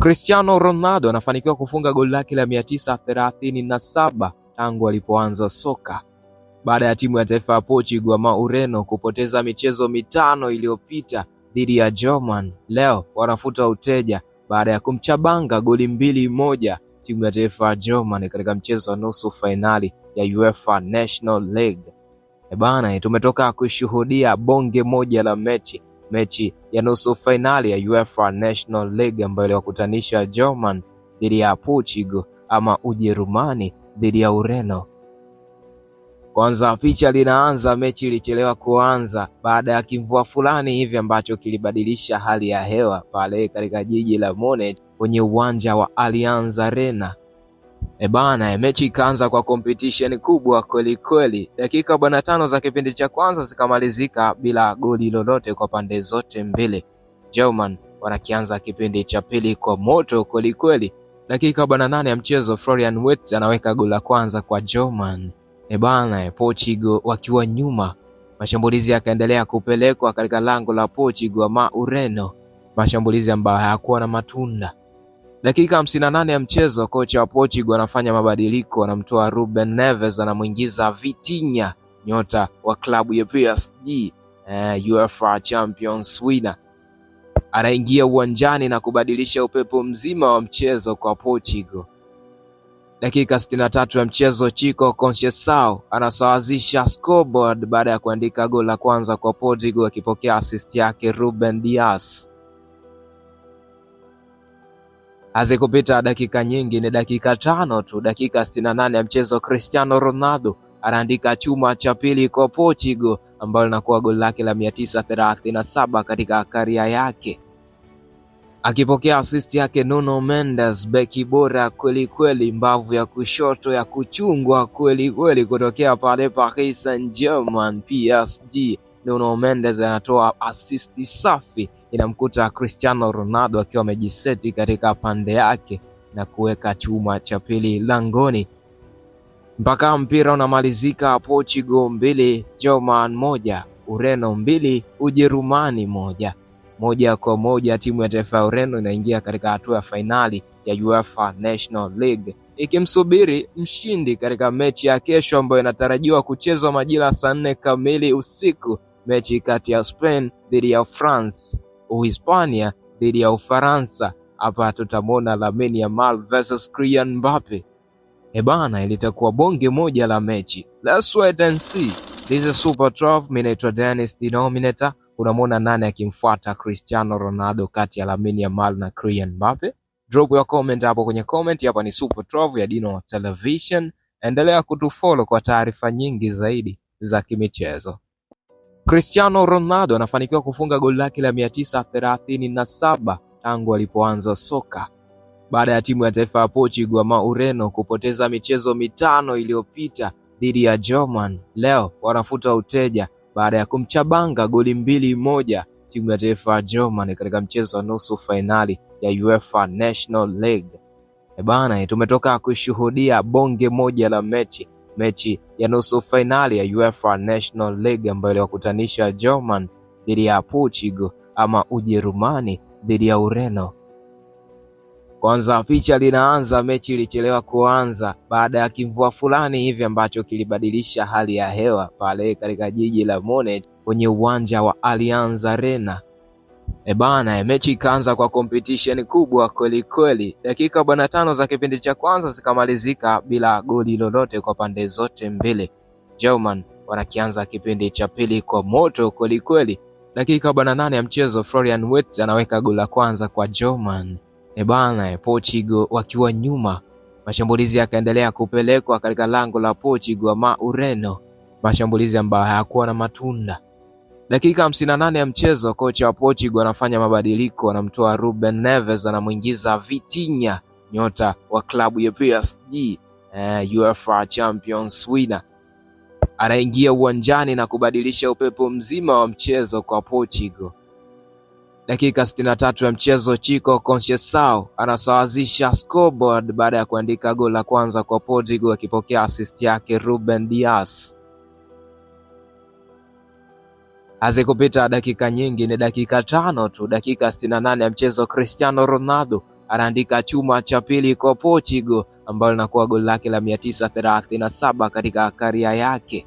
cristiano ronaldo anafanikiwa kufunga goli lake la 937 tangu alipoanza soka baada ya timu ya taifa ya Portugal ama Ureno kupoteza michezo mitano iliyopita dhidi ya German, leo wanafuta uteja baada ya kumchabanga goli mbili moja timu ya taifa ya German katika mchezo wa nusu fainali ya UEFA National League. Ebana, tumetoka kushuhudia bonge moja la mechi mechi ya nusu fainali ya UEFA National League ambayo iliwakutanisha German dhidi ya Portugal ama Ujerumani dhidi ya Ureno. Kwanza picha linaanza, mechi ilichelewa kuanza baada ya kimvua fulani hivi ambacho kilibadilisha hali ya hewa pale katika jiji la Munich kwenye uwanja wa Allianz Arena. Ebana e mechi ikaanza kwa competition kubwa kweli kweli. Dakika arobaini tano za kipindi cha kwanza zikamalizika bila goli lolote kwa pande zote mbili. German wanakianza kipindi cha pili kwa moto kweli kweli. Dakika arobaini nane ya mchezo Florian Wirtz anaweka goli la kwanza kwa German. Ebana e Portugal wakiwa nyuma, mashambulizi yakaendelea kupelekwa katika lango la Portugal ama Ureno, mashambulizi ambayo hayakuwa na matunda. Dakika 58 nane ya mchezo kocha wa Portugal anafanya mabadiliko, anamtoa Ruben Neves, anamuingiza Vitinha, nyota wa klabu ya PSG eh, UEFA Champions winner anaingia uwanjani na kubadilisha upepo mzima wa mchezo kwa Portugal. Dakika 63 ya mchezo Chico Conceição anasawazisha scoreboard baada ya kuandika goli la kwanza kwa Portugal akipokea assist yake Ruben Dias. Hazikupita dakika nyingi, ni dakika tano tu, dakika 68 ya mchezo, Cristiano Ronaldo anaandika chuma cha pili kwa Portugal, ambalo linakuwa goli lake la 937 katika karia yake, akipokea assist yake Nuno Mendes, beki bora kweli kweli, mbavu ya kushoto ya kuchungwa kweli kweli, kutokea pale Paris Saint-Germain PSG Nuno Mendes anatoa asisti safi, inamkuta Cristiano Ronaldo akiwa amejiseti katika pande yake na kuweka chuma cha pili langoni, mpaka mpira unamalizika Portugal mbili Germany moja Ureno mbili Ujerumani moja. Moja kwa moja timu ya taifa ya Ureno inaingia katika hatua ya fainali ya UEFA National League ikimsubiri mshindi katika mechi ya kesho ambayo inatarajiwa kuchezwa majira saa nne kamili usiku mechi kati ya Spain dhidi ya France, Uhispania dhidi ya Ufaransa. Hapa tutamwona Lamine Yamal versus Kylian Mbappe. Ebana, eh ilitakuwa bonge moja la mechi. Let's wait and see. This is Super 12. Mimi naitwa Dennis Denominator. Unamwona nani akimfuata Cristiano Ronaldo kati ya Lamine Yamal na Kylian Mbappe? Drop your comment hapo kwenye comment. Hapa ni Super 12 ya Dino Television. Endelea kutufollow kwa taarifa nyingi zaidi za kimichezo. Cristiano Ronaldo anafanikiwa kufunga goli lake la 937 tangu alipoanza soka baada ya timu ya taifa ya Portugal ama Ureno kupoteza michezo mitano iliyopita dhidi ya German. Leo wanafuta uteja baada ya kumchabanga goli mbili moja timu ya taifa ya German katika mchezo wa nusu fainali ya UEFA National League. E bana, tumetoka kushuhudia bonge moja la mechi mechi ya nusu fainali ya UEFA National League ambayo iliwakutanisha German dhidi ya Portugal ama Ujerumani dhidi ya Ureno. Kwanza picha linaanza, mechi ilichelewa kuanza baada ya kimvua fulani hivi ambacho kilibadilisha hali ya hewa pale katika jiji la Munich kwenye uwanja wa Allianz Arena. E bana e mechi ikaanza kwa competition kubwa kweli kweli. Dakika arobaini tano za kipindi cha kwanza zikamalizika bila goli lolote kwa pande zote mbili. German wanakianza kipindi cha pili kwa moto kweli kweli. Dakika arobaini nane ya mchezo Florian Wirtz anaweka goli la kwanza kwa German. Ebana, e Portugal wakiwa nyuma, mashambulizi yakaendelea kupelekwa katika lango la Portugal ma Ureno, mashambulizi ambayo hayakuwa na matunda. Dakika 58 nane ya mchezo kocha wa Portugal anafanya mabadiliko, anamtoa Ruben Neves anamuingiza Vitinha, nyota wa klabu ya PSG eh, UEFA Champions winner anaingia uwanjani na kubadilisha upepo mzima wa mchezo kwa Portugal. Dakika 63 ya mchezo Chico Conceição anasawazisha scoreboard baada ya kuandika goli la kwanza kwa Portugal akipokea assist yake Ruben Dias. Hazikupita dakika nyingi, ni dakika tano tu, dakika 68 nane ya mchezo, Cristiano Ronaldo anaandika chuma cha pili kwa Portugal ambalo linakuwa goli lake la 937 katika karia yake,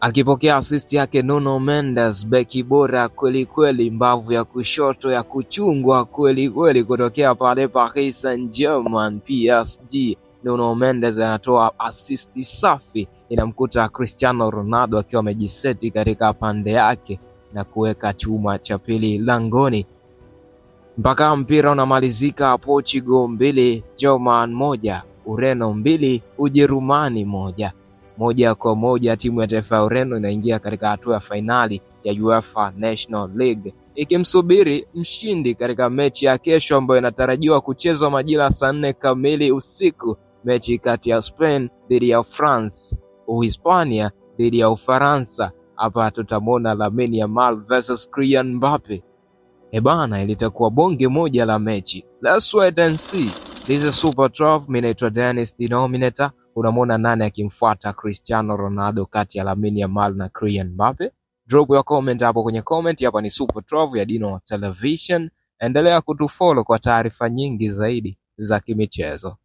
akipokea assist yake Nuno Mendes, beki bora kweli kweli, mbavu ya kushoto ya kuchungwa kweli kweli, kutokea pale Paris Saint-Germain PSG Nuno Mendes anatoa assist safi, inamkuta Cristiano Ronaldo akiwa amejiseti katika pande yake na kuweka chuma cha pili langoni, mpaka mpira unamalizika Portugal mbili German moja Ureno mbili Ujerumani moja. Moja kwa moja timu ya taifa ya Ureno inaingia katika hatua ya fainali ya UEFA National League ikimsubiri mshindi katika mechi ya kesho ambayo inatarajiwa kuchezwa majira saa nne kamili usiku mechi kati ya Spain dhidi ya France, Uhispania dhidi ya Ufaransa. Hapa tutamwona Lamine Yamal versus Kylian Mbappe. Ebana, ilitakuwa bonge moja la mechi. Let's wait and see. This is Super 12. Mimi naitwa Dennis Denominator. Unamwona nani akimfuata Cristiano Ronaldo kati ya Lamine Yamal na Kylian Mbappe? Drop your comment hapo kwenye comment. Hapa ni Super 12 ya Dino Television. Endelea kutufollow kwa taarifa nyingi zaidi za kimichezo.